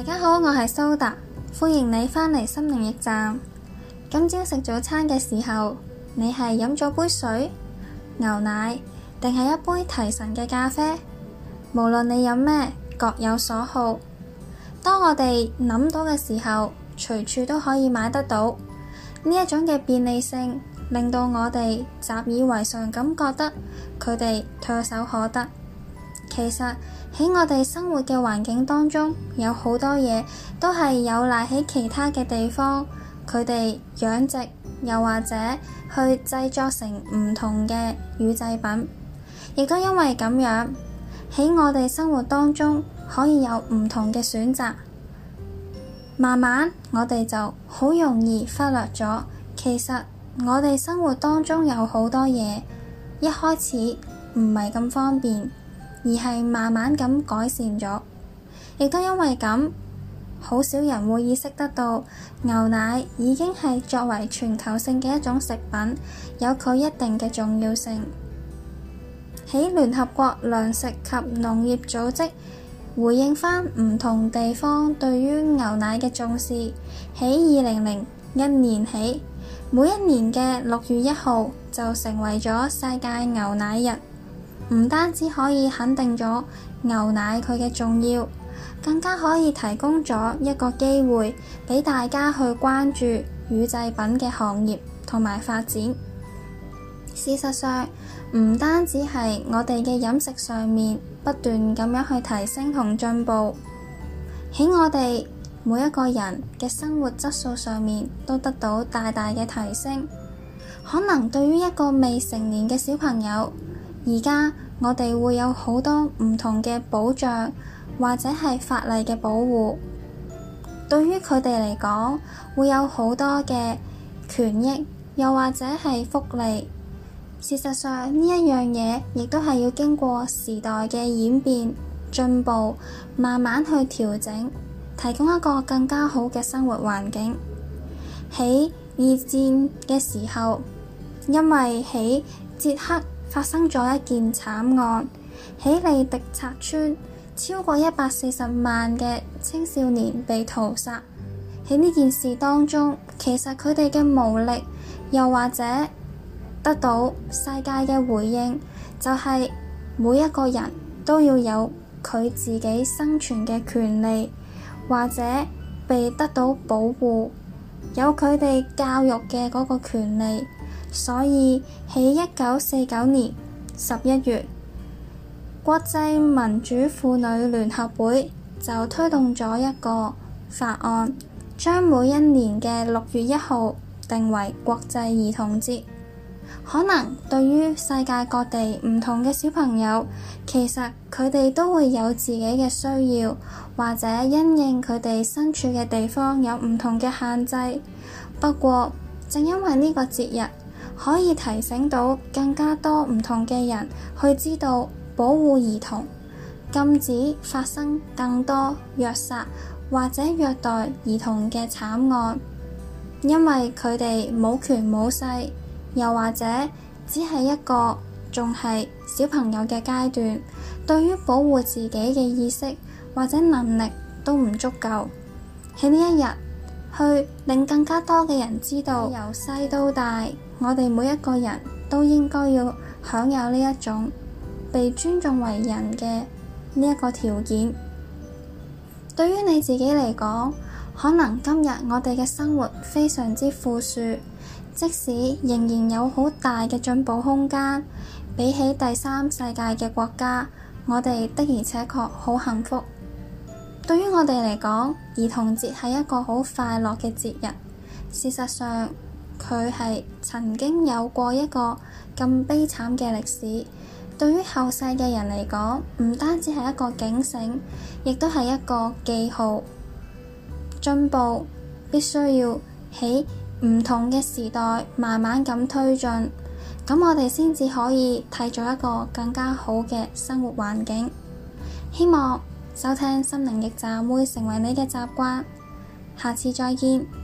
大家好，我係蘇達，歡迎你返嚟心靈驛站。今朝食早餐嘅時候，你係飲咗杯水、牛奶，定係一杯提神嘅咖啡？無論你飲咩，各有所好。當我哋諗到嘅時候，隨處都可以買得到。呢一種嘅便利性，令到我哋習以為常咁覺得佢哋唾手可得。其實喺我哋生活嘅環境當中，有好多嘢都係有賴喺其他嘅地方，佢哋養殖，又或者去製作成唔同嘅乳製品，亦都因為咁樣喺我哋生活當中可以有唔同嘅選擇。慢慢我哋就好容易忽略咗，其實我哋生活當中有好多嘢一開始唔係咁方便。而係慢慢咁改善咗，亦都因為咁，好少人會意識得到牛奶已經係作為全球性嘅一種食品，有佢一定嘅重要性。喺聯合國糧食及農業組織回應返唔同地方對於牛奶嘅重視，喺二零零一年起，每一年嘅六月一號就成為咗世界牛奶日。唔單止可以肯定咗牛奶佢嘅重要，更加可以提供咗一個機會畀大家去關注乳製品嘅行業同埋發展。事實上，唔單止係我哋嘅飲食上面不斷咁樣去提升同進步，喺我哋每一個人嘅生活質素上面都得到大大嘅提升。可能對於一個未成年嘅小朋友，而家我哋會有好多唔同嘅保障，或者係法例嘅保護，對於佢哋嚟講會有好多嘅權益，又或者係福利。事實上呢一樣嘢亦都係要經過時代嘅演變進步，慢慢去調整，提供一個更加好嘅生活環境。喺二戰嘅時候，因為喺捷克，發生咗一件慘案，喺利迪策村，超過一百四十萬嘅青少年被屠殺。喺呢件事當中，其實佢哋嘅無力，又或者得到世界嘅回應，就係每一個人都要有佢自己生存嘅權利，或者被得到保護，有佢哋教育嘅嗰個權利。所以，喺一九四九年十一月，國際民主婦女聯合會就推動咗一個法案，將每一年嘅六月一號定為國際兒童節。可能對於世界各地唔同嘅小朋友，其實佢哋都會有自己嘅需要，或者因應佢哋身處嘅地方有唔同嘅限制。不過，正因為呢個節日，可以提醒到更加多唔同嘅人去知道保護兒童，禁止發生更多虐殺或者虐待兒童嘅慘案，因為佢哋冇權冇勢，又或者只係一個仲係小朋友嘅階段，對於保護自己嘅意識或者能力都唔足夠。喺呢一日，去令更加多嘅人知道， 由細到大，我哋每一個人都應該要享有呢一種被尊重為人嘅呢一個條件。對於你自己嚟講，可能今日我哋嘅生活非常之富庶，即使仍然有好大嘅進步空間，比起第三世界嘅國家，我哋的而且確好幸福。對於我哋嚟講，兒童節係一個好快樂嘅節日。事實上，佢係曾經有過一個咁悲慘嘅歷史。對於後世嘅人嚟講，唔單止係一個警醒，亦都係一個記號。進步必須要喺唔同嘅時代慢慢咁推進，咁我哋先至可以締造一個更加好嘅生活環境。希望。收聽心靈補給站會成為你嘅習慣，下次再見。